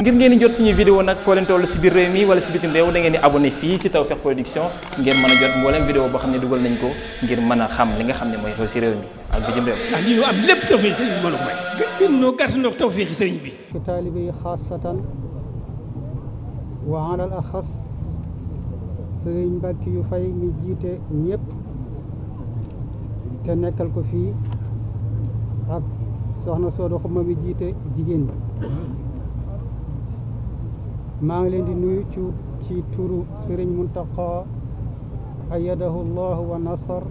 ngir ngeen jot suñu vidéo nag foo leen toll si biir réew mi wala si bitim réew da ngeen di abonné fii si Tawfekh Production ngeen mën a jot mboolem vidéo boo xam ne dugal nañ ko ngir mën a xam li nga xam ne mooy xew si réew mi ak bitim réew. ndax ah, lii ñu am lépp tawfeex sëriñ bi mën a may. gën noo gàtt noo tawfeex sëriñ bi. ci taalibe yi xaasatan wa alal yu fay mi jiite ñëpp te nekkal ko fii ak soxna Soodo Xuma mi jiite jigéen ñi. maa ngi leen di nuyu ci ci turu sëriñ muntaqa ayadahu llahu wa nasar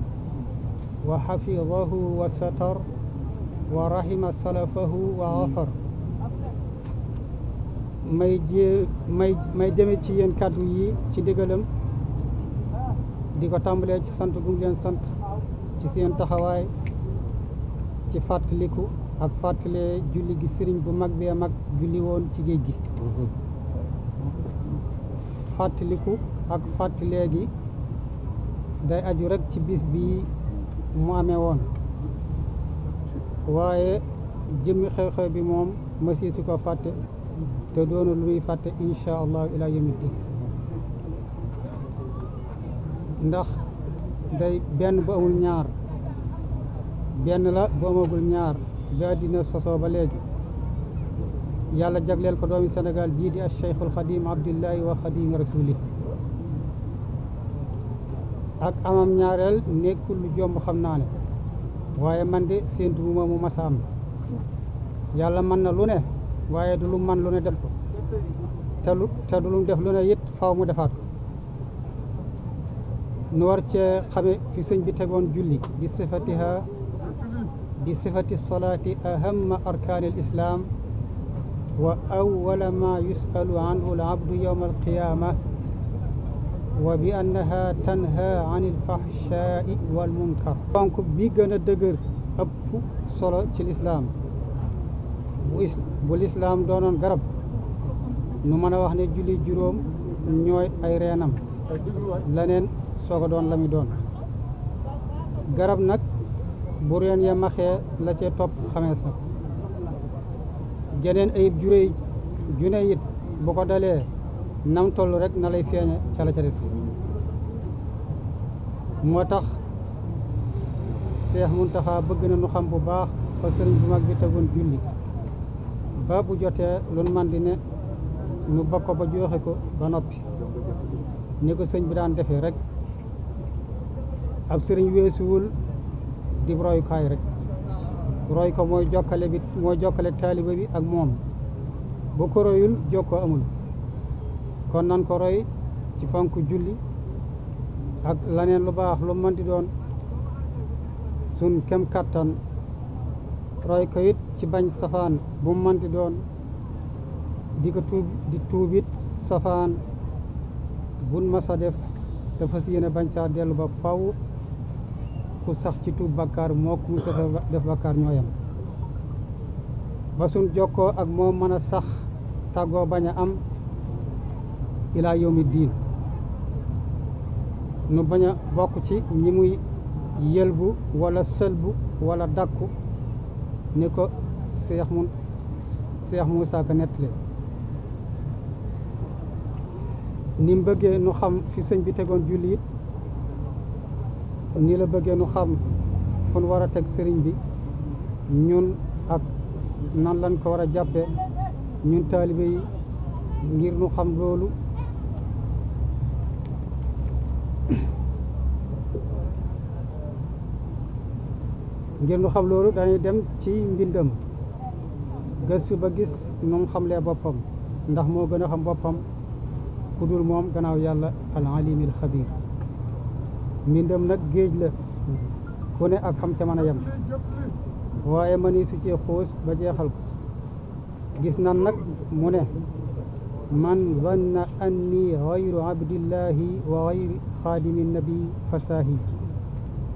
wa xafidahu wa satar wa rahima salafahu wa gafar may jé may may jëme ci yéen kàddu yi ci ndigalam di ko tàmbalee ci sant gu sant ci seen taxawaay ci fàttaliku ak fàttalee julli gi sëriñ bu mag bee mag julli woon ci géej gi mm-hmm. fàttaliku ak fàttalee léegi day aju rekk ci bis bi mu amee woon waaye jëmmi xew-xew bi moom masi si ko fàtte te doona lu ñuy fàtte incha allahu ila yawmiddin ndax day benn bu amul ñaar benn la bu amagul ñaar ba àddina sosoo ba léegi yàlla jagleel ko doomi Sénégal jii di Cheikhul Xadim Abdillahi wa Xadimi Rasuli ak amam ñaareel nekkul lu jomb xam naa waaye man de séentuwuma mu masa yàlla mën na lu ne waaye du lu man lu ne def ko te lu te du lu def lu ne it faaw mu defaat ko nu war cee xame fi sëñ bi tegoon julli bi sifatiha bi sifati solaati ahamma arkaanil islaam wa awwala ma yusalu anhu alabdu yowma alqiyama wa bi annaha tanha an ilfahshai walmunkar donc bi gën a dëgër ëpp solo ci lislaam bu lislaam doonoon garab nu mën a wax ne julli juróom ñooy ay reenam leneen soo ko doon la mi doon garab nag bu reen ya maxee la cee topp xamees na jeneen ayib juréy june it bu ko dalee nam toll rek na lay feeñe ca la ca des moo tax Seex Muntaxa bëgg na nu xam bu baax fa sëriñ bu mag bi tegoon julli ba bu jotee lun man di ne nu bokk ko ba jooxe ko ba noppi ni ko sëñ bi daan defee rek ab sëriñ weesuwul di royukaay rek roy ko mooy jokkale bi mooy jokkale taaliba bi ak moom boo ko royul jokkoo amul kon nan ko roy ci fonk julli ak laneen lu baax lu mën di doon sun kem kattan roy ko ci bañ safaan bu mën di doon di ko tuub di tuubit safaan bun masa def te fas yéene bañ caa dellu ba faw ku sax ci tuub bàkkaar moo ku musa def bàkkaar ñooyam ba sun jokkoo ak moo mën a sax tàggoo bañ a am ilaa yawmi diin nu bañ a bokk ci ñi muy yëlbu wala sëlbu wala dakku ni ko seex mu seex Muusaa Ka nettali ni bëggee nu xam fi sëñ bi tegoon julli nii la bëggee nu xam fu nu war a teg sëriñ bi ñun ak nan lañ ko war a jàppee ñun taalibe yi ngir nu xam loolu ngir nu xam loolu dañuy dem ci mbindam gëstu ba gis nu mu xamlee boppam ndax moo gën a xam boppam ku dul moom gannaaw yàlla al alimil mbindam nag géej la ku ne ak xam ca mën a yem waaye ma ni su ba jeexal ko gis nan nag mu ne man zanna anni xayru abdillahi wa xayru xaadimi nabi fasaahi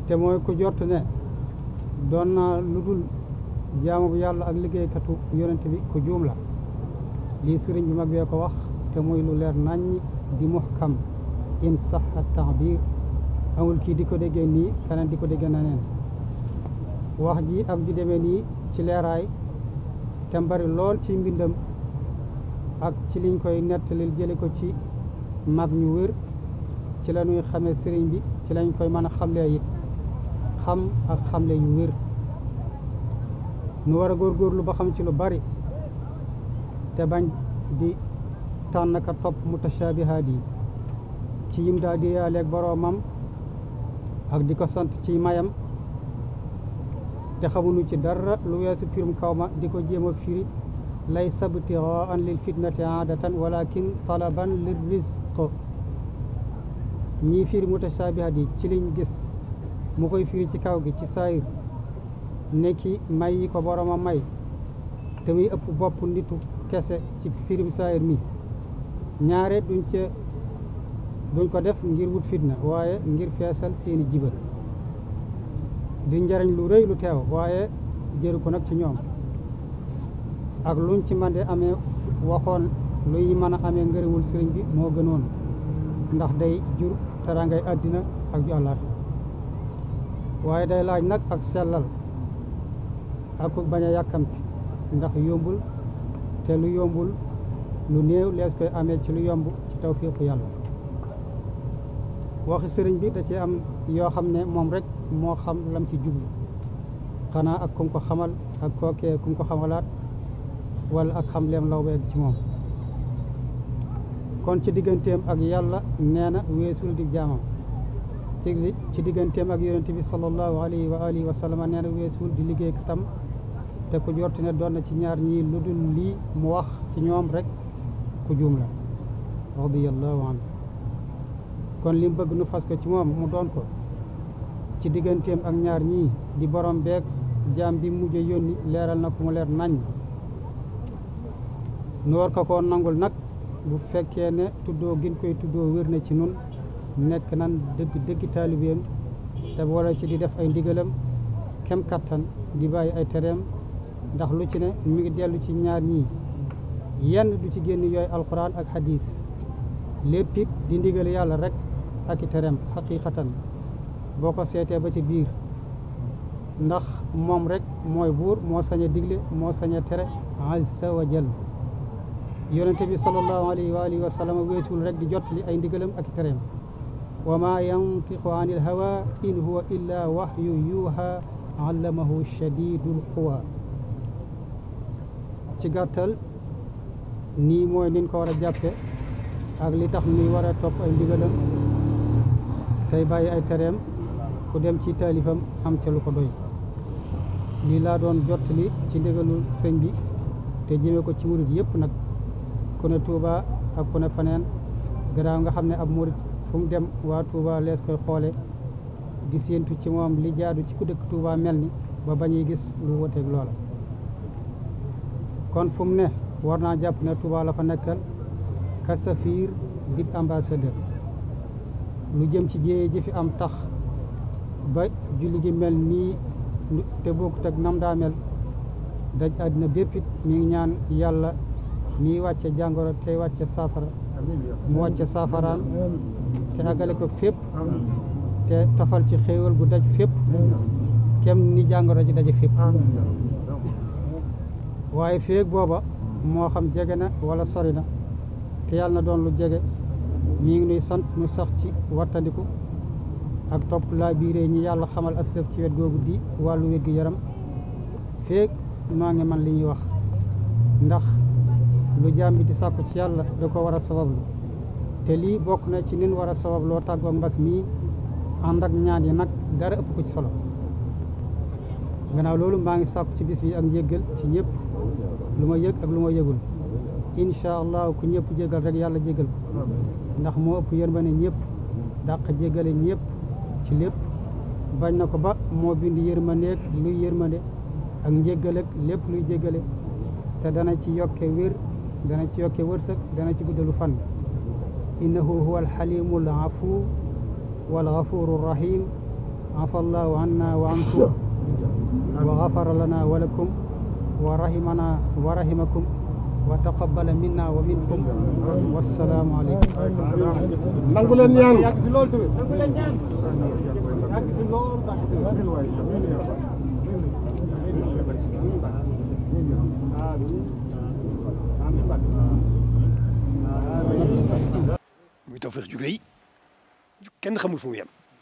te mooy ku jort ne doon naa lu dul jaamu bu yàlla ak liggéeykatu yonent bi ku juum la lii sëriñ bi mag bee ko wax te muy lu leer naññ di muhkam in saxa taabir amul kii di ko déggee nii keneen di ko déggee na neen wax ji ak ju demee nii ci leeraay te mbari lool ci mbindam ak ci liñ koy nettalil jële ko ci mag ñu wér ci la xamee sëriñ bi ci lañ koy mën a xamle it xam ak xamle yu wér nu war a góorgóorlu ba xam ci lu bari te bañ di tànn ka topp mutashaabihaat yi ci yim daal di yaaleeg boroomam ak di ko sant ci mayam te xamuñu ci dara lu weesu pirum kaw ma di ko jéem a firi lay sabtiro an lil fitnati aadatan walakin talaban lir rizq ñii firi mutashabihat yi ci liñ gis mu koy firi ci kaw gi ci saayir nekki may yi ko boroma may te muy ëpp bopp nitu kese ci firim saayir mi ñaare duñ ca duñ ko def ngir wut fitna waaye ngir feesal seeni jibar di njariñ lu rëy lu teew waaye jëru ko nag ci ñoom ak luñ ci man de amee waxoon luy mën a amee ngërëmul sëriñ bi moo gënoon ndax day jur terangay àddina ak ju àllaat waaye day laaj nag ak sellal ak bañ a yàkkamti ndax yombul te lu yombul lu néew lees koy amee ci lu yomb ci tawfiiqu yàlla waxi sëriñ bi da cee am yoo xam ne moom rek moo xam lam ci jublu xanaa ak kum ko xamal ak kookee kum ko xamalaat wala ak xam leen law beeg ci moom kon ci digganteem ak yàlla nee na weesul di jaamam ci ci digganteem ak yonente bi sallallahu alayhi wa alihi wa sallam nee na weesul di liggéey katam te ku jorti ne doon na ci ñaar ñii lu dul lii mu wax ci ñoom rek ku juum la radiyallahu anhu kon li mu bëgg nu fas ko ci moom mu doon ko ci digganteem ak ñaar ñii di borom beeg jaam bi mujj yónni leeral na ko mu leer nañ nu war ko koo nangul nag bu fekkee ne tuddoo gin koy tuddoo wér na ci nun nekk nan dëgg dëgg taalibeem te wala ci di def ay ndigalam kem kattan di bàyyi ay tereem ndax lu ci ne mi ngi dellu ci ñaar ñii yenn du ci génn yooyu alxuraan ak hadis lépp it di ndigal yàlla rek ak i tereem xaqiqatan boo ko seetee ba ci biir ndax moom rek mooy buur moo sañ a digle moo saña tere azza wa jal yonente bi sallallahu alayhi wa weesul rek di jottali ay ndigalam ak i tereem wa ma yantiqu an il hawa in huwa illa waxyu yuha allamahu shadidul quwa ci gàttal nii mooy nin ko war a jàppe ak li tax ni war a topp ay ndigalam tey bàyyi ay tereem ku dem ci taalifam am ca lu ko doy lii laa doon jottali ci ndigalul sëñ bi te jëme ko ci murit yépp nag ku ne Touba ak ku ne faneen gannaaw nga xam ne ab murit fu mu dem waa Touba lees koy xoole di séentu ci moom li jaadu ci ku dëkk Touba mel ni ba bañuy gis lu woteeg loola kon fu mu ne war naa jàpp ne Touba la fa nekkal kasafiir dib ambassadeur lu jëm ci jéye ji fi am tax ba julli gi mel nii te bokkut ak nam daa mel daj àddina béppit mi ngi ñaan yàlla mi wàcce jàngoro tey wàcce saafara mu wàcce saafaraan te agale ko fépp te tafal ci xéewal bu daj fépp kem ni jàngoro ji daje fépp waaye feeg booba moo xam jege na walla sori na te yàlla na doon lu jege ñi ngi nuy sant nu sax ci wattandiku ak topp laa ñi yàlla xamal ak sëf ci wet googu di wàllu wér gi yaram feeg maa ngi man li ñuy wax ndax lu jaam bi di sàkku ci yàlla da ko war a sabablu te lii bokk na ci nin war a sababloo tàggoo mbas mii ànd ak ñaan yi nag dara ëpp ko ci solo gannaaw loolu maa ngi sàkku ci bis bi ak njéggal ci ñëpp lu ma yëg ak lu ma yëgul incha ku ñëpp jéggal rek yàlla jéggal ko ndax moo ëpp yërmande ñëpp dàq jégale ñëpp ci lépp bañ na ko ba moo bind yërmandeeg luy yërmande ak njéggale lépp luy jéggale te dana ci yokke wér dana ci yokke wërsëg dana ci guddalu fan innahu huwa alxalimu al afu wal gafuru rahim afa allahu anna wa ankum wa gafara lana wa wa rahimana wa rahimakum wa taqabbala minna wa minkum wassalaamu aleykum nangu leen ñaan muy tawfeex ju rëy kenn xamul fu mu yem